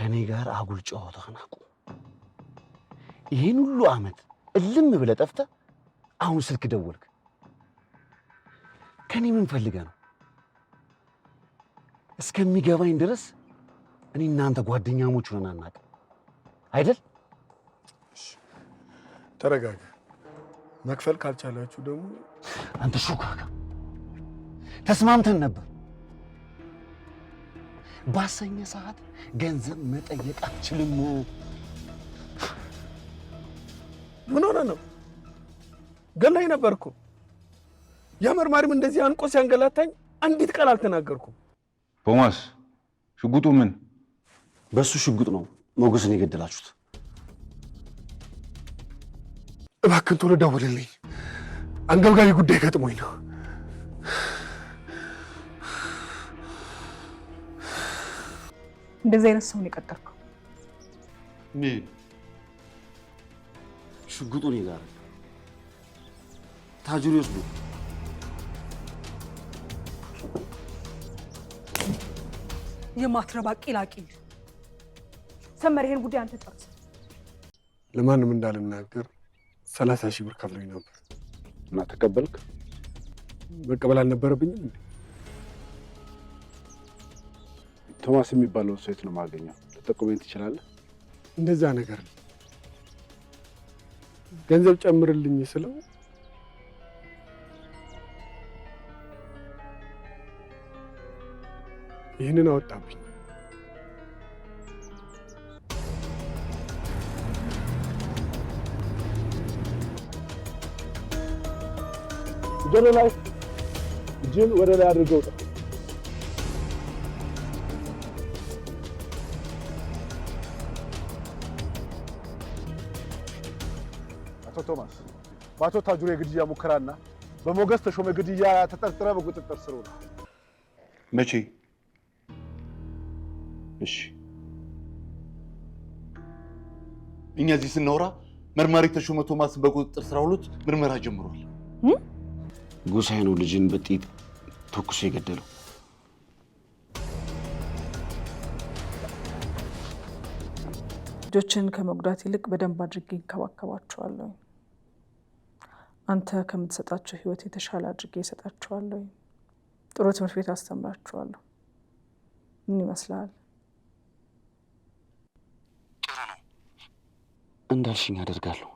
ከኔ ጋር አጉል ጨዋታህን አቁም። ይህን ሁሉ ዓመት እልም ብለህ ጠፍተህ አሁን ስልክ ደወልክ። ከኔ ምን ፈልገህ ነው? እስከሚገባኝ ድረስ እኔ እናንተ ጓደኛሞች ሆነን አናውቅም አይደል? ተረጋጋ። መክፈል ካልቻላችሁ ደግሞ አንተ ሹካካ ተስማምተን ነበር ባሰኘ ሰዓት ገንዘብ መጠየቅ አልችልም። ምን ሆነ ነው? ገላይ ነበርኩ። ያ መርማሪም እንደዚህ አንቆ ሲያንገላታኝ አንዲት ቃል አልተናገርኩም። ቶማስ፣ ሽጉጡ ምን? በሱ ሽጉጥ ነው ሞገስን የገደላችሁት? እባክን ቶሎ ደውልልኝ፣ አንገብጋቢ ጉዳይ ገጥሞኝ ነው። እንደዚህ አይነት ሰውን የቀጠርከው ሽጉጡ እኔ ጋር ታጅሩ ይወስዱ። የማትረባ ቂላቂል ሰመር፣ ይሄን ጉዳይ አንተ ጨርስ። ለማንም እንዳልናገር ሰላሳ ሺህ ብር ከፍሎኝ ነበር እና ተቀበልክ? መቀበል አልነበረብኝም እንዴ? ቶማስ የሚባለውን ሰው የት ነው የማገኘው? ልጠቁመኝ ትችላለህ? እንደዛ ነገር ነው። ገንዘብ ጨምርልኝ ስለው ይህንን አወጣብኝ። ጆሮ ላይ እጅን ወደ ላይ አድርገው አቶ ቶማስ በአቶ ታጁሬ የግድያ ሙከራና በሞገስ ተሾመ ግድያ ተጠርጥረ በቁጥጥር ስር ነው። መቼ? እሺ፣ እኛ እዚህ ስናወራ መርማሪ ተሾመ ቶማስን በቁጥጥር ስር አውሎት ምርመራ ጀምሯል። ጎሳዬ ነው ልጅን በጥይት ተኩሶ የገደለው። ልጆችን ከመጉዳት ይልቅ በደንብ አድርጌ እንከባከባቸዋለሁ። አንተ ከምትሰጣቸው ህይወት የተሻለ አድርጌ እሰጣቸዋለሁ። ጥሩ ትምህርት ቤት አስተምራቸዋለሁ። ምን ይመስልሃል? ጥሩ ነው እንዳልሽኝ አደርጋለሁ።